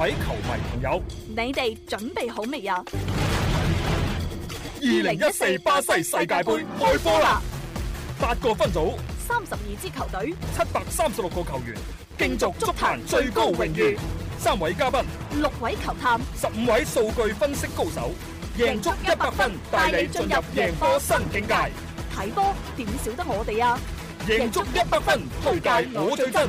各位球迷朋友，你哋準備好未啊？二零一四巴西世界杯開波啦！八個分組，三十二支球隊，七百三十六個球員，競逐足壇最高榮譽。三位嘉賓，六位球探，十五位數據分析高手，贏足一百分，帶你進入贏波新境界。睇波點少得我哋啊！贏足一百分推介我最真。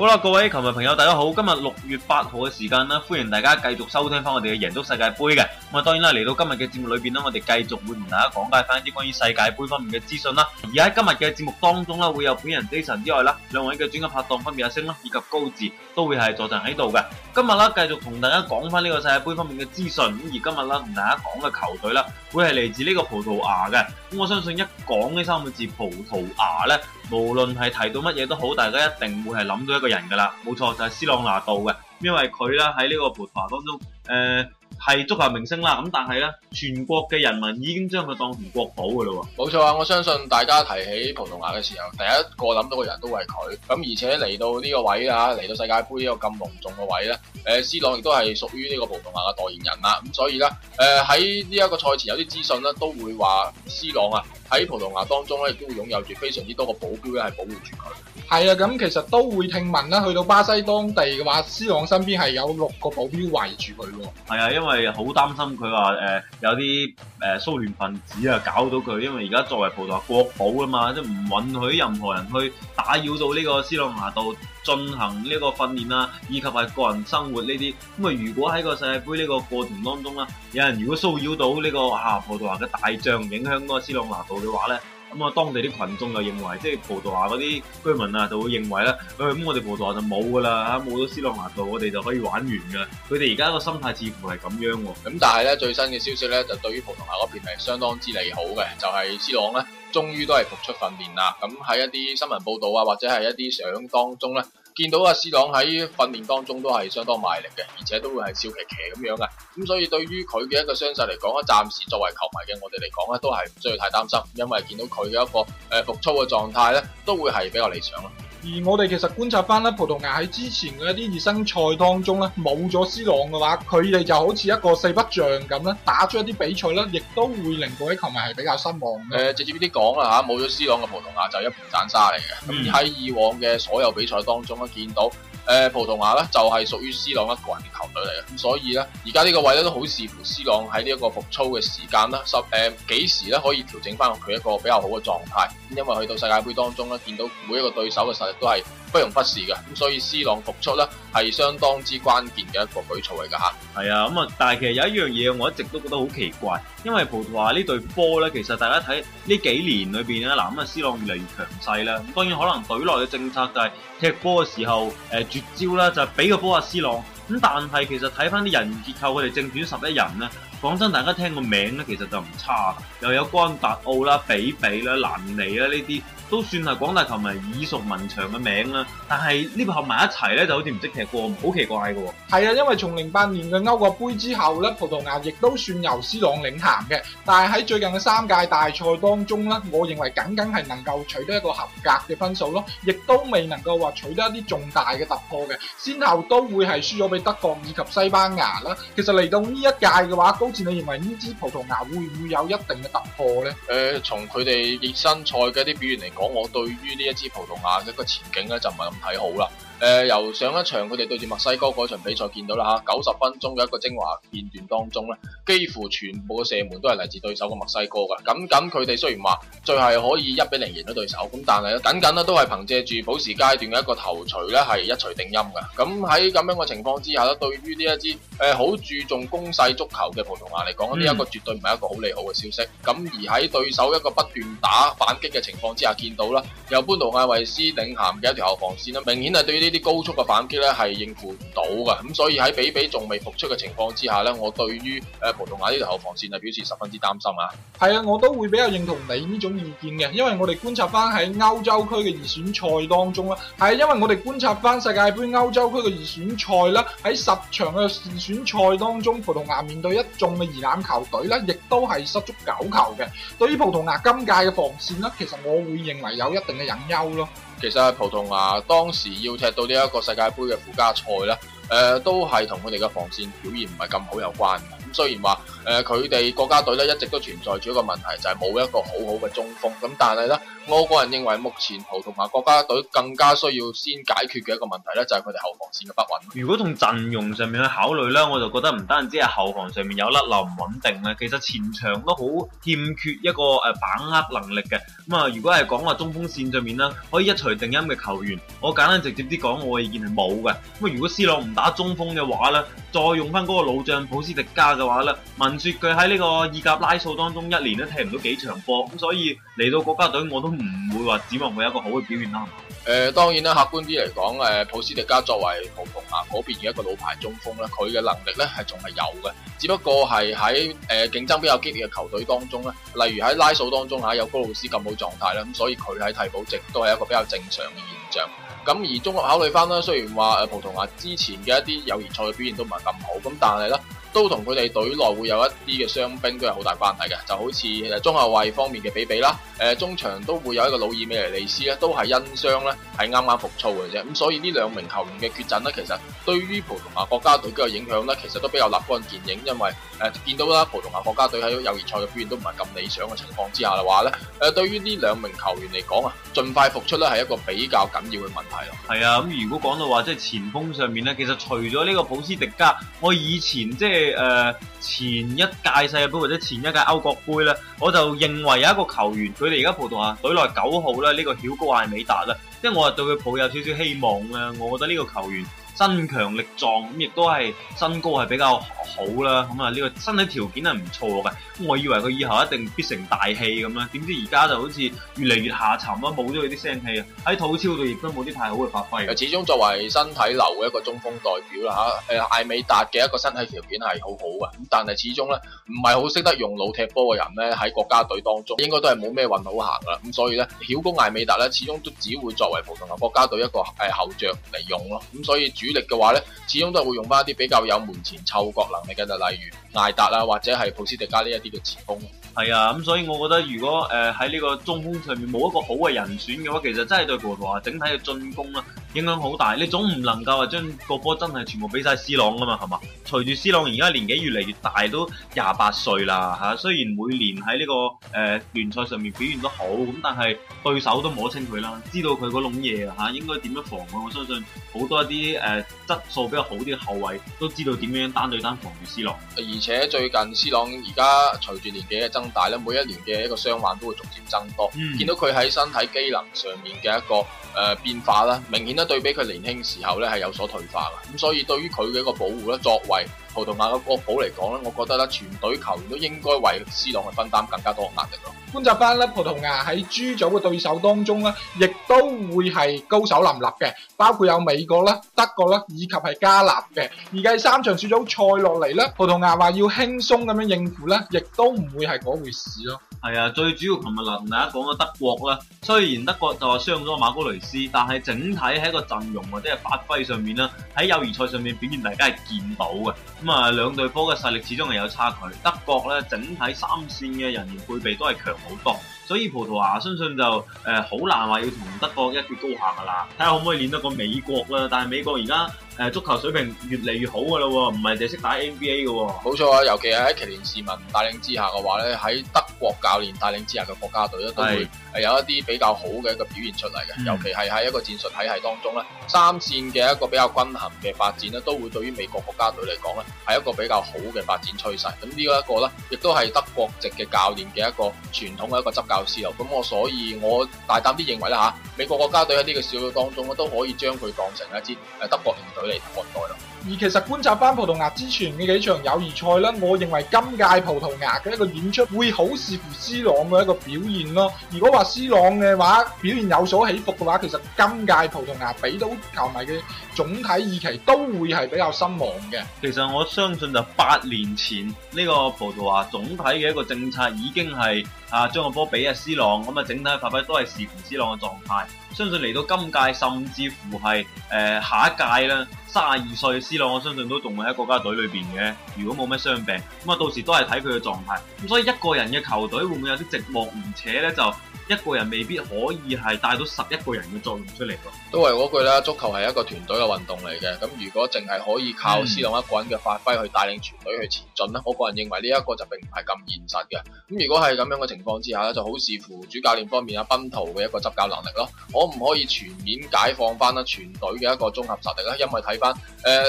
好啦，各位球迷朋友，大家好！今日六月八號嘅時間啦，歡迎大家繼續收聽翻我哋嘅《贏足世界杯》嘅。咁啊，當然啦，嚟到今日嘅節目裏邊啦，我哋繼續會同大家講解翻一啲關於世界杯方面嘅資訊啦。而喺今日嘅節目當中啦，會有本人 Jason 之外啦，兩位嘅專家拍檔分別阿星啦以及高志都會係坐陣喺度嘅。今日啦，繼續同大家講翻呢個世界杯方面嘅資訊。咁而今日啦，同大家講嘅球隊啦，會係嚟自呢個葡萄牙嘅。咁我相信一講呢三個字葡萄牙咧，無論係提到乜嘢都好，大家一定會係諗到一個。人噶啦，冇錯就係、是、C 朗拿度嘅，因為佢咧喺呢個葡萄牙當中，誒、呃、係足球明星啦，咁但係咧全國嘅人民已經將佢當成國寶噶啦，冇錯啊！我相信大家提起葡萄牙嘅時候，第一個諗到嘅人都係佢，咁而且嚟到呢個位啊，嚟到世界杯呢個咁隆重嘅位咧，誒、呃、C 朗亦都係屬於呢個葡萄牙嘅代言人啦，咁所以咧，誒喺呢一個賽前有啲資訊咧，都會話 C 朗啊。喺葡萄牙當中咧，亦都擁有住非常之多個保鏢咧，係保護住佢。係啊，咁其實都會聽聞啦，去到巴西當地嘅話，C 朗身邊係有六個保鏢圍住佢喎。係啊，因為好擔心佢話誒有啲誒、呃、蘇聯分子啊搞到佢，因為而家作為葡萄牙國寶啊嘛，即係唔允許任何人去打擾到呢個 C 朗拿度進行呢個訓練啦、啊，以及係個人生活呢啲。咁啊，如果喺個世界盃呢個過程當中啦，有人如果騷擾到呢、這個啊葡萄牙嘅大將，影響嗰個 C 朗拿度。嘅話咧，咁啊，當地啲群眾就認為，即係葡萄牙嗰啲居民啊，就會認為咧，咁、哎、我哋葡萄牙就冇噶啦，冇咗 C 朗拿度，我哋就可以玩完噶。佢哋而家個心態似乎係咁樣喎。咁但係咧，最新嘅消息咧，就對於葡萄牙嗰邊係相當之利好嘅，就係、是、C 朗咧，終於都係復出訓練啦。咁喺一啲新聞報導啊，或者係一啲相片當中咧。見到阿 C 朗喺訓練當中都係相當賣力嘅，而且都會係笑騎騎咁樣嘅。咁、嗯、所以對於佢嘅一個傷勢嚟講咧，暫時作為球迷嘅我哋嚟講咧，都係唔需要太擔心，因為見到佢嘅一個誒復操嘅狀態咧，都會係比較理想咯。而我哋其實觀察翻咧，葡萄牙喺之前嘅一啲熱身賽當中咧，冇咗 C 朗嘅話，佢哋就好似一個四不像咁咧，打出一啲比賽咧，亦都會令各位球迷係比較失望嘅。誒，直接啲講啦嚇，冇咗 C 朗嘅葡萄牙就係一盤散沙嚟嘅。咁、嗯、而喺以往嘅所有比賽當中都見到。誒，葡萄牙咧就係屬於 C 朗一個人嘅球隊嚟嘅，咁所以咧，而家呢個位咧都好視乎 C 朗喺呢一個復操嘅時間啦，十誒幾時咧可以調整翻佢一個比較好嘅狀態，因為去到世界盃當中咧，見到每一個對手嘅實力都係不容忽視嘅，咁所以 C 朗復出咧係相當之關鍵嘅一個舉措嚟㗎嚇。係啊，咁啊，但係其實有一樣嘢，我一直都覺得好奇怪，因為葡萄牙呢隊波咧，其實大家睇呢幾年裏邊啊，嗱，咁啊 C 朗越嚟越強勢啦。咁當然可能隊內嘅政策就係踢波嘅時候，誒、呃、絕招啦，就係、是、俾個波阿 C 朗。咁但係其實睇翻啲人結構他們，佢哋正選十一人咧，講真，大家聽個名咧，其實就唔差啦，又有干達奧啦、比比啦、蘭尼啦呢啲。都算係廣大球迷耳熟能詳嘅名啦，但係呢個合埋一齊咧就好似唔識踢過，好奇怪嘅喎。係啊，因為從零八年嘅歐國杯之後咧，葡萄牙亦都算由 C 朗領銜嘅，但係喺最近嘅三屆大賽當中咧，我認為僅僅係能夠取得一個合格嘅分數咯，亦都未能夠話取得一啲重大嘅突破嘅，先後都會係輸咗俾德國以及西班牙啦。其實嚟到呢一屆嘅話，高志，你認為呢支葡萄牙會唔會有一定嘅突破咧？誒，從佢哋熱身賽嘅一啲表現嚟講。講我對於呢一支葡萄牙嘅一個前景咧，就唔係咁睇好啦。誒、呃、由上一場佢哋對住墨西哥嗰場比賽見到啦嚇，九十分鐘嘅一個精華片段當中咧，幾乎全部嘅射門都係嚟自對手嘅墨西哥㗎。咁咁佢哋雖然話最後可以一比零贏咗對手，咁但係僅僅咧都係憑藉住補時階段嘅一個頭槌咧係一錘定音㗎。咁喺咁樣嘅情況之下咧，對於呢一支誒好、呃、注重攻勢足球嘅葡萄牙嚟講呢、嗯、呢一個絕對唔係一個好利好嘅消息。咁而喺對手一個不斷打反擊嘅情況之下見到啦，由班奴艾維斯領銜嘅一條後防線咧，明顯係對於啲高速嘅反擊咧係應付唔到㗎，咁所以喺比比仲未復出嘅情況之下咧，我對於誒葡萄牙呢條後防線係表示十分之擔心啊！係啊，我都會比較認同你呢種意見嘅，因為我哋觀察翻喺歐洲區嘅預選賽當中啦，係因為我哋觀察翻世界盃歐洲區嘅預選賽啦，喺十場嘅預選賽當中，葡萄牙面對一眾嘅二流球隊咧，亦都係失足九球嘅。對於葡萄牙今屆嘅防線咧，其實我會認為有一定嘅隱憂咯。其實葡萄牙當時要踢到呢一個世界盃嘅附加賽咧，誒、呃、都係同佢哋嘅防線表現唔係咁好有關嘅。雖然話誒，佢、呃、哋國家隊咧一直都存在住一個問題，就係、是、冇一個好好嘅中鋒。咁但係咧，我個人認為目前葡萄牙國家隊更加需要先解決嘅一個問題咧，就係佢哋後防線嘅不穩。如果從陣容上面去考慮咧，我就覺得唔單止係後防上面有甩漏唔穩定，其實前場都好欠缺一個誒把握能力嘅。咁啊，如果係講話中鋒線上面呢，可以一錘定音嘅球員，我簡單直接啲講，我嘅意見係冇嘅。咁如果 C 朗唔打中鋒嘅話咧？再用翻嗰個老將普斯迪加嘅話咧，聞説佢喺呢個意甲拉素當中一年都踢唔到幾場波，咁所以嚟到國家隊我都唔會話指望佢有一個好嘅表現啦。誒、呃，當然啦，客觀啲嚟講，普斯迪加作為葡萄牙嗰邊嘅一個老牌中鋒咧，佢嘅能力咧係仲係有嘅，只不過係喺誒競爭比較激烈嘅球隊當中咧，例如喺拉素當中、啊、有高路斯咁好狀態啦，咁所以佢喺替補席都係一個比較正常嘅現象。咁而綜合考慮翻啦，雖然話誒葡萄牙之前嘅一啲友誼賽嘅表現都唔係咁好，咁但係咧。都同佢哋隊內會有一啲嘅傷兵都係好大關係嘅，就好似誒中後衞方面嘅比比啦，誒、呃、中場都會有一個魯爾美尼利，利斯咧，都係因傷咧係啱啱復操嘅啫。咁所以呢兩名球員嘅缺陣咧，其實對於葡萄牙國家隊嘅影響咧，其實都比較立竿見影，因為誒、呃、見到啦葡萄牙國家隊喺友誼賽嘅表現都唔係咁理想嘅情況之下嘅話咧，誒、呃、對於呢兩名球員嚟講啊，盡快復出咧係一個比較緊要嘅問題咯。係啊，咁、嗯、如果講到話即係前鋒上面咧，其實除咗呢個普斯迪加，我以前即、就、係、是。誒，前一屆世界杯或者前一屆歐國杯咧，我就認為有一個球員，佢哋而家葡萄牙隊內九號咧，呢個曉高艾美達啦，即係我係對佢抱有少少希望啊！我覺得呢個球員。身強力壯咁亦都係身高係比較好啦，咁啊呢個身體條件係唔錯嘅。咁我以為佢以後一定必成大器咁啦，點知而家就好似越嚟越下沉啦，冇咗佢啲聲氣啊，喺土超度亦都冇啲太好嘅發揮。始終作為身體流嘅一個中鋒代表啦嚇，誒艾美達嘅一個身體條件係好好嘅，咁但係始終咧唔係好識得用腦踢波嘅人咧，喺國家隊當中應該都係冇咩運好行㗎啦。咁所以咧，曉攻艾美達咧，始終都只會作為葡萄牙國家隊一個誒後著嚟用咯。咁所以主主力嘅話咧，始終都係會用翻一啲比較有門前嗅覺能力嘅，就例如，大達啊，或者係普斯迪加呢一啲嘅前鋒，係啊，咁、嗯、所以我覺得如果誒喺呢個中鋒上面冇一個好嘅人選嘅話，其實真係對葡萄牙整體嘅進攻啦、啊、影響好大。你總唔能夠話將個波真係全部俾晒 C 朗噶嘛，係嘛？隨住 C 朗而家年紀越嚟越大，都廿八歲啦吓、啊。雖然每年喺呢、這個誒、呃、聯賽上面表現都好，咁但係對手都摸清佢啦，知道佢嗰種嘢吓，應該點樣防佢，啊？我相信好多一啲誒、呃、質素比較好啲嘅後衛都知道點樣單對單防住 C 朗。而且最近 C 朗而家隨住年紀嘅增大咧，每一年嘅一個傷患都會逐漸增多，嗯、見到佢喺身體機能上面嘅一個誒、呃、變化啦，明顯咧對比佢年輕時候咧係有所退化啦，咁所以對於佢嘅一個保護咧，作為，葡萄牙嘅國寶嚟講咧，我覺得咧全隊球員都應該為 C 朗去分擔更加多壓力咯。觀察返咧，葡萄牙喺 G 組嘅對手當中咧，亦都會係高手林立嘅，包括有美國啦、德國啦，以及係加納嘅。而喺三場小組賽落嚟咧，葡萄牙話要輕鬆咁樣應付咧，亦都唔會係嗰回事咯。係啊，最主要琴日林同大家講嘅德國啦，雖然德國就話傷咗馬高雷斯，但係整體喺個陣容或者係發揮上面咧，喺友誼賽上面表現，大家係見到嘅。咁啊，兩隊波嘅實力始終係有差距。德國咧，整體三線嘅人員配備都係強好多。所以葡萄牙相信就誒好難話要同德國一決高下噶啦，睇下可唔可以練到個美國啦。但係美國而家誒足球水平越嚟越好噶啦，唔係淨係識打 NBA 嘅，冇錯啊，尤其係喺奇連士文帶領之下嘅話咧，喺德國教練帶領之下嘅國家隊咧，都會係有一啲比較好嘅一個表現出嚟嘅。是尤其係喺一個戰術體係,係當中咧，三線嘅一個比較均衡嘅發展咧，都會對於美國國家隊嚟講咧係一個比較好嘅發展趨勢，咁呢一個咧，亦都係德國籍嘅教練嘅一個傳統嘅一個執教。咁我所以我大膽啲認為啦嚇，美國國家隊喺呢個小組當中，我都可以將佢當成一支誒德國型隊嚟看待咯。而其實觀察翻葡萄牙之前嘅幾場友誼賽咧，我認為今屆葡萄牙嘅一個演出會好視乎 C 朗嘅一個表現咯。如果話 C 朗嘅話表現有所起伏嘅話，其實今屆葡萄牙俾到球迷嘅總體意氣都會係比較失望嘅。其實我相信就八年前呢個葡萄牙總體嘅一個政策已經係啊將個波俾啊 C 朗咁啊，整體發揮都係視乎 C 朗嘅狀態。相信嚟到今屆，甚至乎係誒、呃、下一屆啦，三十二歲嘅 C 朗，我相信都仲會喺國家隊裏邊嘅。如果冇咩傷病，咁啊到時都係睇佢嘅狀態。咁所以一個人嘅球隊會唔會有啲寂寞呢？而且咧就。一個人未必可以係帶到十一個人嘅作用出嚟喎，都係嗰句啦，足球係一個團隊嘅運動嚟嘅。咁如果淨係可以靠 C 朗一個人嘅發揮去帶領全隊去前進咧，嗯、我個人認為呢一個就並唔係咁現實嘅。咁如果係咁樣嘅情況之下咧，就好視乎主教練方面阿賓圖嘅一個執教能力咯，可唔可以全面解放翻啦全隊嘅一個綜合實力咧？因為睇翻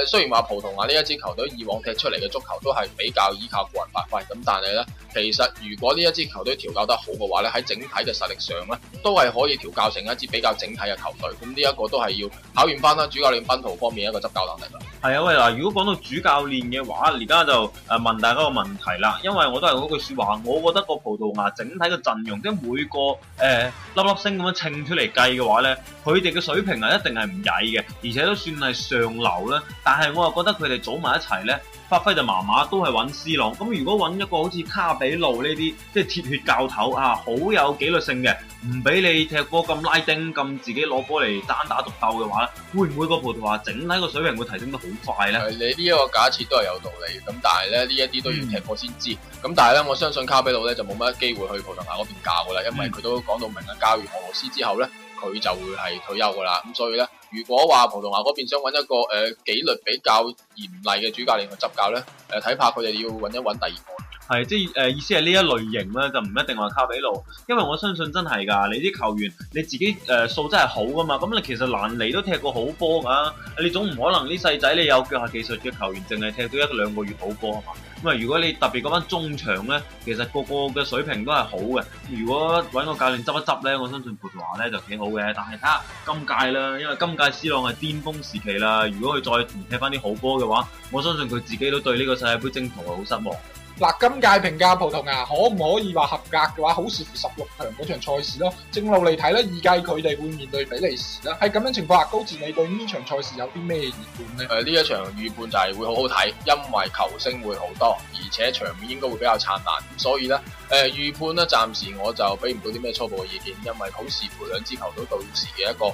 誒，雖然話葡萄牙呢一支球隊以往踢出嚟嘅足球都係比較依靠個人發揮，咁但係咧，其實如果呢一支球隊調教得好嘅話咧，喺整體嘅實力上咧都係可以調教成一支比較整體嘅球隊，咁呢一個都係要考驗返啦，主教練賓圖方面的一個執教能力啦，係啊喂，嗱，如果講到主教練嘅話，而家就誒問大家一個問題啦，因為我都係嗰句說話，我覺得個葡萄牙整體嘅陣容，即係每個誒、呃、粒粒星咁樣秤出嚟計嘅話咧，佢哋嘅水平啊一定係唔曳嘅，而且都算係上流啦。但係我又覺得佢哋組埋一齊咧。發揮就麻麻，都係揾 C 朗。咁如果揾一個好似卡比路呢啲，即係鐵血教頭啊，好有紀律性嘅，唔俾你踢波咁拉丁、咁自己攞波嚟單打獨鬥嘅話咧，會唔會個葡萄牙整體個水平會提升得好快咧？係，你呢個假設都係有道理，咁但係咧呢一啲都要踢波先知。咁、嗯、但係咧，我相信卡比路咧就冇乜機會去葡萄牙嗰邊教啦，因為佢都講到明啦，教完俄羅斯之後咧。佢就會係退休㗎喇，咁所以咧，如果話葡萄牙嗰邊想揾一個誒、呃、紀律比較嚴厲嘅主教練去執教咧，誒、呃、睇怕佢哋要揾一揾第二個。係即係誒，意思係呢一類型咧，就唔一定話卡比路，因為我相信真係噶，你啲球員你自己誒素質係好噶嘛，咁你其實難嚟都踢過好波噶、啊，你總唔可能呢細仔你有腳下技術嘅球員，淨係踢到一兩個月好波係嘛？咁啊，如果你特別嗰班中場咧，其實個個嘅水平都係好嘅。如果搵個教練執一執咧，我相信葡萄牙咧就幾好嘅。但係睇下今屆啦，因為今屆 C 朗係巔峰時期啦，如果佢再唔踢翻啲好波嘅話，我相信佢自己都對呢個世界杯征程係好失望。嗱，今屆評價葡萄牙可唔可以話合格嘅話，好視乎十六強嗰場賽事咯。正路嚟睇咧，預計佢哋會面對比利時啦。喺咁樣情況下，高志你對呢場賽事有啲咩預判呢？誒、呃，呢一場預判就係會好好睇，因為球星會好多，而且場面應該會比較燦爛。咁所以咧，誒、呃、預判咧，暫時我就俾唔到啲咩初步嘅意見，因為好視乎兩支球隊到時嘅一個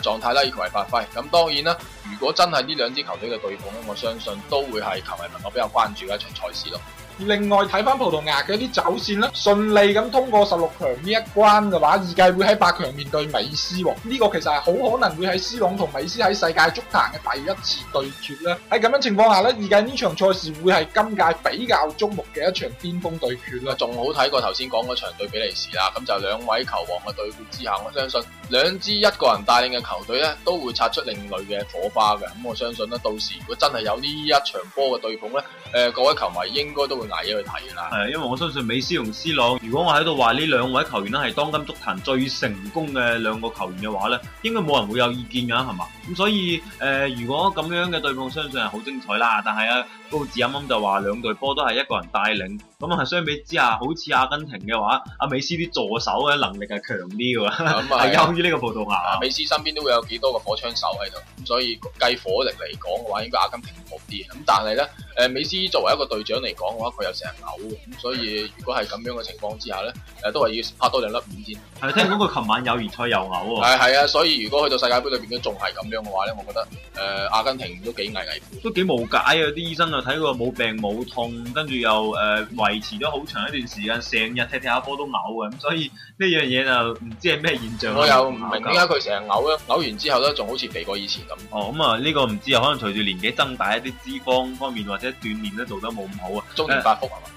誒狀態啦，以及發揮。咁當然啦，如果真係呢兩支球隊嘅對碰咧，我相信都會係球迷朋友比較關注嘅一場賽事咯。另外睇翻葡萄牙嘅啲走線啦，順利咁通過十六強呢一關嘅話，預計會喺八強面對美斯喎。呢、呢個其實係好可能會喺 C 朗同美斯喺世界足壇嘅第一次對決啦。喺咁樣的情況下呢，預計呢場賽事會係今屆比較矚目嘅一場巔峰對決啦，仲好睇過頭先講嗰場對比利時啦。咁就兩位球王嘅對決之下，我相信兩支一個人帶領嘅球隊呢，都會擦出另類嘅火花嘅。咁我相信咧，到時如果真係有呢一場波嘅對碰呢，誒、呃、各位球迷應該都會。危一捱去睇啦，係，因為我相信美斯同斯朗，如果我喺度話呢兩位球員咧，係當今足壇最成功嘅兩個球員嘅話咧，應該冇人會有意見噶係嘛，咁所以誒、呃、如果咁樣嘅對碰，相信係好精彩啦。但係啊，高子啱啱就話兩隊波都係一個人帶領，咁啊相比之下，好似阿根廷嘅話，阿美斯啲助手嘅能力係強啲嘅，係優於呢個葡萄牙。美斯身邊都會有幾多個火槍手喺度，咁所以計火力嚟講嘅話，應該阿根廷好啲。咁但係咧，誒美斯作為一個隊長嚟講嘅話。佢又成日嘔，咁所以如果係咁樣嘅情況之下咧，誒、呃、都係要拍多兩粒丸先。係啊，聽講佢琴晚有熱菜又嘔喎。係啊，所以如果去到世界杯裏邊都仲係咁樣嘅話咧，我覺得誒、呃、阿根廷都幾危危。都幾無解啊！啲醫生啊睇佢冇病冇痛，跟住又誒、呃、維持咗好長一段時間，成日踢踢下波都嘔啊。咁所以呢樣嘢就唔知係咩現象。我又唔明點解佢成日嘔啊。嘔完之後咧，仲好似肥過以前咁。哦，咁啊呢個唔知啊，可能隨住年紀增大一啲脂肪方面或者鍛鍊咧做得冇咁好啊。總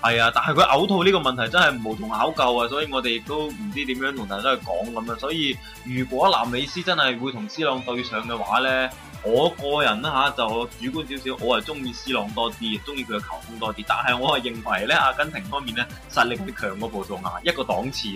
係啊，但係佢嘔吐呢個問題真係無從考究啊，所以我哋亦都唔知點樣同大家去講咁啊。所以如果南美斯真係會同 C 朗對上嘅話咧，我個人啦吓就主觀少少，我係中意 C 朗多啲，中意佢嘅球風多啲。但係我係認為咧，阿根廷方面咧實力係強過葡萄牙一個檔次。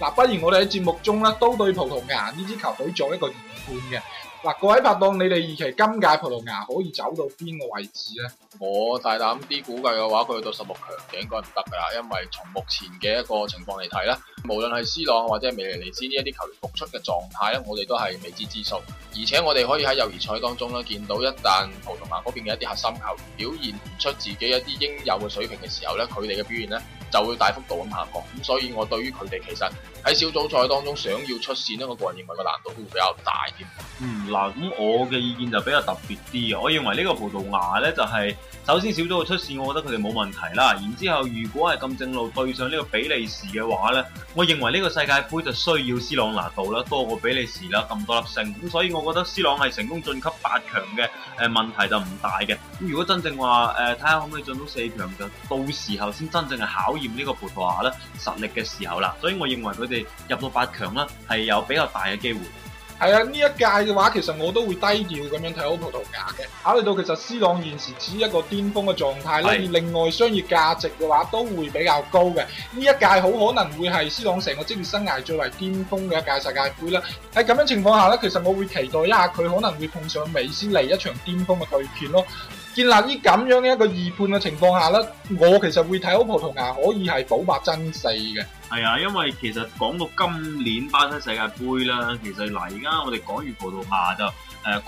嗱，啊，不如我哋喺節目中咧都對葡萄牙呢支球隊做一個預判嘅。嗱，各位拍檔，你哋預期今屆葡萄牙可以走到邊個位置呢？我大膽啲估計嘅話，佢去到十六強嘅應該唔得噶啦，因為從目前嘅一個情況嚟睇咧，無論係 C 朗或者係米利尼茲呢一啲球員復出嘅狀態咧，我哋都係未知之數。而且我哋可以喺友誼賽當中咧見到，一旦葡萄牙嗰邊嘅一啲核心球員表現唔出自己一啲應有嘅水平嘅時候咧，佢哋嘅表現咧就會大幅度咁下降，咁所以我對於佢哋其實喺小組賽當中想要出線呢，我個人認為個難度會比較大啲。嗯，嗱，咁我嘅意見就比較特別啲啊！我認為呢個葡萄牙呢，就係、是、首先小組出線，我覺得佢哋冇問題啦。然之後，如果係咁正路對上呢個比利時嘅話呢，我認為呢個世界盃就需要 C 朗拿度啦，多過比利時啦，咁多粒勝。咁所以，我覺得 C 朗係成功進級八強嘅，誒問題就唔大嘅。咁如果真正話誒睇下可唔可以進到四強就到時候先真正係考驗。呢個葡萄牙咧，實力嘅時候啦，所以我認為佢哋入到八強啦，係有比較大嘅機會。係啊，呢一屆嘅話，其實我都會低調咁樣睇好葡萄牙嘅。考慮到其實 C 朗現時處於一個巔峰嘅狀態而是另外商業價值嘅話都會比較高嘅。呢一屆好可能會係 C 朗成個職業生涯最為巔峰嘅一屆世界盃啦。喺咁樣的情況下咧，其實我會期待一下佢可能會碰上美斯嚟一場巔峰嘅對決咯。建立於咁樣嘅一個預判嘅情況下咧，我其實會睇好葡萄牙可以係保八爭四嘅。係啊，因為其實講到今年巴西世界盃啦，其實嗱，而家我哋講完葡萄牙就誒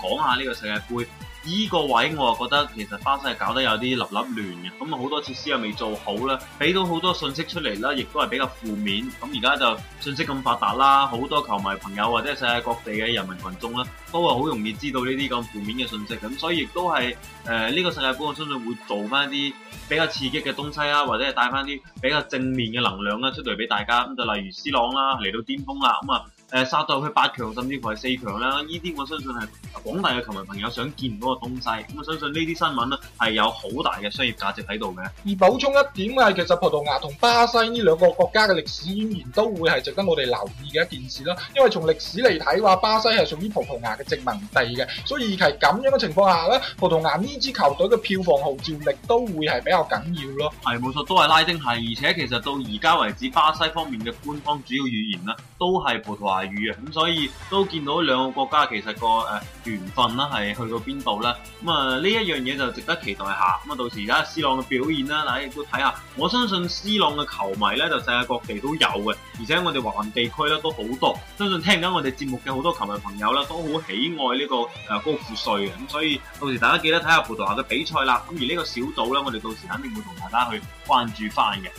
講、呃、下呢個世界盃。依個位我啊覺得其實巴西係搞得有啲立立亂嘅，咁啊好多設施又未做好啦，俾到好多信息出嚟啦，亦都係比較負面。咁而家就信息咁發達啦，好多球迷朋友或者世界各地嘅人民群眾啦，都係好容易知道呢啲咁負面嘅信息。咁所以亦都係誒呢個世界盃我相信會做翻一啲比較刺激嘅東西啊，或者係帶翻啲比較正面嘅能量啦出嚟俾大家。咁就例如 C 朗啦嚟到巔峰啦，咁啊～誒，殺到去八強甚至乎係四強啦。呢啲我相信係廣大嘅球迷朋友想見到嗰個東西。咁我相信呢啲新聞咧，係有好大嘅商業價值喺度嘅。而補充一點啊，其實葡萄牙同巴西呢兩個國家嘅歷史淵源都會係值得我哋留意嘅一件事啦。因為從歷史嚟睇話，巴西係屬於葡萄牙嘅殖民地嘅，所以而係咁樣嘅情況下咧，葡萄牙呢支球隊嘅票房號召力都會係比較緊要咯。係冇錯，都係拉丁系。而且其實到而家為止，巴西方面嘅官方主要語言咧都係葡萄牙。大雨啊，咁、嗯、所以都見到兩個國家其實個誒、呃、緣分啦，係去到邊度啦？咁啊呢一樣嘢就值得期待一下。咁啊到時而家 C 朗嘅表現啦，大家亦都睇下。我相信 C 朗嘅球迷咧，就世界各地都有嘅，而且我哋華人地區咧都好多。相信聽緊我哋節目嘅好多球迷朋友啦，都好喜愛呢、這個誒、呃、高富帥嘅。咁、嗯、所以到時大家記得睇下葡萄牙嘅比賽啦。咁、嗯、而呢個小組咧，我哋到時肯定會同大家去關注翻嘅。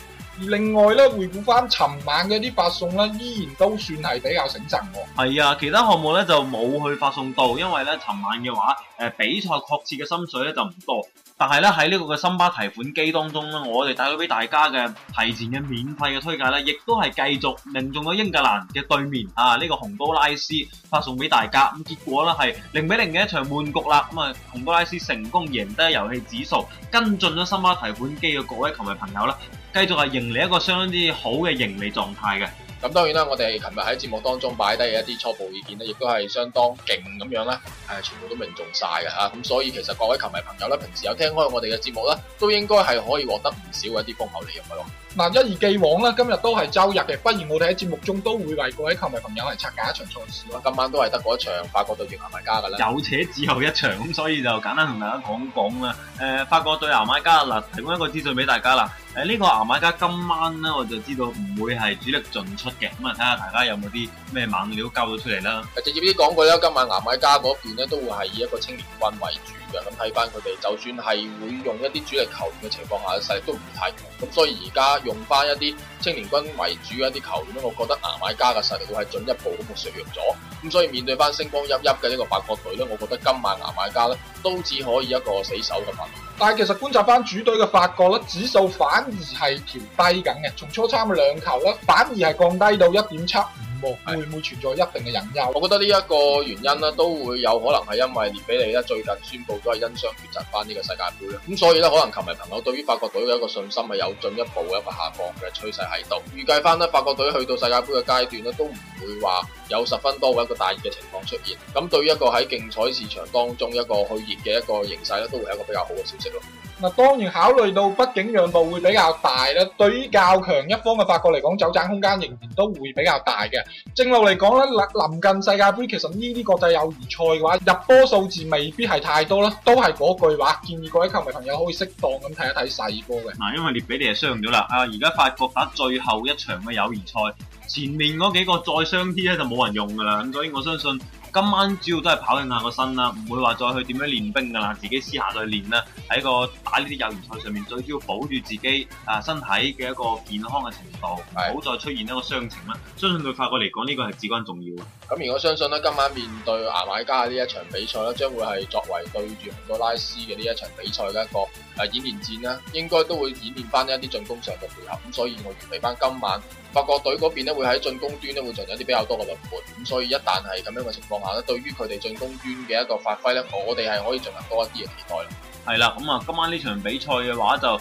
另外咧，回顧翻尋晚嘅啲發送咧，依然都算係比較醒神喎。係啊，其他項目咧就冇去發送到，因為咧尋晚嘅話，誒、呃、比賽確切嘅心水咧就唔多。但係咧喺呢個嘅森巴提款機當中咧，我哋帶咗俾大家嘅提前嘅免費嘅推介咧，亦都係繼續命中咗英格蘭嘅對面啊！呢、這個洪都拉斯發送俾大家，咁結果咧係零比零嘅一場悶局啦。咁、嗯、啊，洪都拉斯成功贏低遊戲指數，跟進咗森巴提款機嘅各位球迷朋友啦。繼續係盈利一個相當之好嘅盈利狀態嘅，咁當然啦，我哋尋日喺節目當中擺低嘅一啲初步意見咧，亦都係相當勁咁樣啦，係全部都命中晒嘅吓，咁所以其實各位球迷朋友咧，平時有聽開我哋嘅節目咧，都應該係可以獲得唔少嘅一啲豐厚利潤嘅咯。嗱，一如既往啦，今日都係周日嘅，不如我哋喺節目中都會為各位球迷朋友嚟拆解一場賽事咯。今晚都係得嗰一場法國對牙買加嘅咧，有且只有一場咁，所以就簡單同大家講講啦。誒、呃，法國對牙買加嗱，提供一個資訊俾大家啦。誒、呃，呢、這個牙買加今晚咧，我就知道唔會係主力進出嘅，咁啊，睇下大家有冇啲咩猛料交到出嚟啦。誒，直接啲講過啦，今晚牙買加嗰邊咧都會係以一個青年軍為主嘅，咁睇翻佢哋，就算係會用一啲主力球員嘅情況下，實都唔太強。咁所以而家。用翻一啲青年軍為主嘅一啲球員咧，我覺得牙買加嘅實力會係進一步咁削弱咗。咁所以面對翻星光熠熠嘅呢個法國隊咧，我覺得今晚牙買加咧都只可以一個死守嘅份。但係其實觀察翻主隊嘅法國咧，指數反而係調低緊嘅，從初參兩球咧，反而係降低到一點七。會唔會存在一定嘅隱憂？是我覺得呢一個原因咧，都會有可能係因為列比尼咧最近宣布咗係因傷缺席翻呢個世界杯咧，咁所以呢，可能球迷朋友對於法國隊嘅一個信心係有進一步嘅一個下降嘅趨勢喺度。預計翻呢，法國隊去到世界杯嘅階段咧，都唔會話有十分多嘅一個大熱嘅情況出現。咁對於一個喺競彩市場當中一個去熱嘅一個形勢咧，都會係一個比較好嘅消息咯。嗱，當然考慮到畢竟讓步會比較大啦，對於較強一方嘅法國嚟講，走盞空間仍然都會比較大嘅。正路嚟講咧，臨近世界盃，其實呢啲國際友誼賽嘅話，入波數字未必係太多啦，都係嗰句話，建議各位球迷朋友可以適當咁睇一睇細波嘅。嗱，因為列比利係傷咗啦，啊，而家法國打最後一場嘅友誼賽，前面嗰幾個再傷啲咧就冇人用㗎啦，咁所以我相信。今晚主要都係跑緊下個身啦，唔會話再去點樣練兵噶啦，自己私下再練啦。喺個打呢啲友誼賽上面，最主要保住自己啊身體嘅一個健康嘅程度，唔好的再出現一個傷情啦。相信對法國嚟講呢個係至關重要嘅。咁如果相信呢，今晚面對牙買加嘅呢一場比賽咧，將會係作為對住洪都拉斯嘅呢一場比賽嘅一個誒演練戰啦，應該都會演練翻一啲進攻上嘅配合。咁所以我預備翻今晚法國隊嗰邊咧會喺進攻端咧會進行啲比較多嘅輪活。咁所以一旦係咁樣嘅情況，對於佢哋進攻端嘅一個發揮咧，我哋係可以進行多一啲嘅期待。係啦，咁啊，今晚呢場比賽嘅話就誒，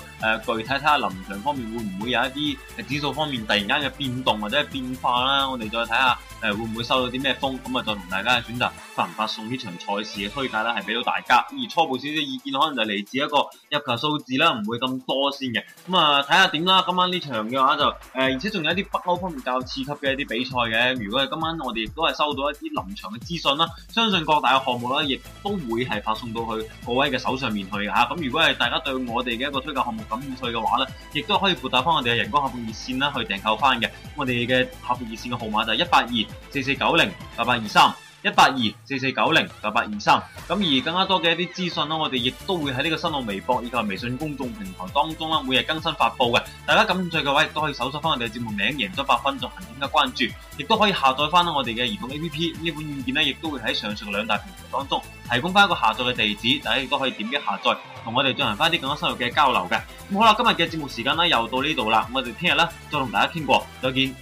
具體睇下臨場方面會唔會有一啲指數方面突然間嘅變動或者變化啦。我哋再睇下誒會唔會收到啲咩風，咁啊再同大家選擇發唔發送呢場賽事嘅推介啦，係俾到大家。而初步少少意見可能就嚟自一個入球數字啦，唔會咁多先嘅。咁啊睇下點啦，今晚呢場嘅話就誒、呃，而且仲有一啲北歐方面較次級嘅一啲比賽嘅。如果係今晚我哋亦都係收到一啲臨場嘅資訊啦，相信各大嘅項目啦，亦都會係發送到去各位嘅手上面。吓，咁如果係大家對我哋嘅一個推介項目感興趣嘅話咧，亦都可以撥打翻我哋嘅人工客服熱線啦，去訂購翻嘅。我哋嘅客服熱線嘅號碼就係一八二四四九零八八二三。一八二四四九零九八二三，咁而更加多嘅一啲資訊啦，我哋亦都會喺呢個新浪微博以及微信公眾平台當中啦，每日更新發布嘅。大家感興趣嘅話，亦都可以搜索翻我哋嘅節目名，贏咗百分，進行程嘅關注，亦都可以下載翻我哋嘅移動 A P P。呢款軟件咧，亦都會喺上述兩大平台當中提供翻一個下載嘅地址，大家亦都可以點擊下載，同我哋進行翻啲更加深入嘅交流嘅。咁好啦，今日嘅節目時間啦，又到呢度啦，我哋聽日咧，再同大家傾過，再見。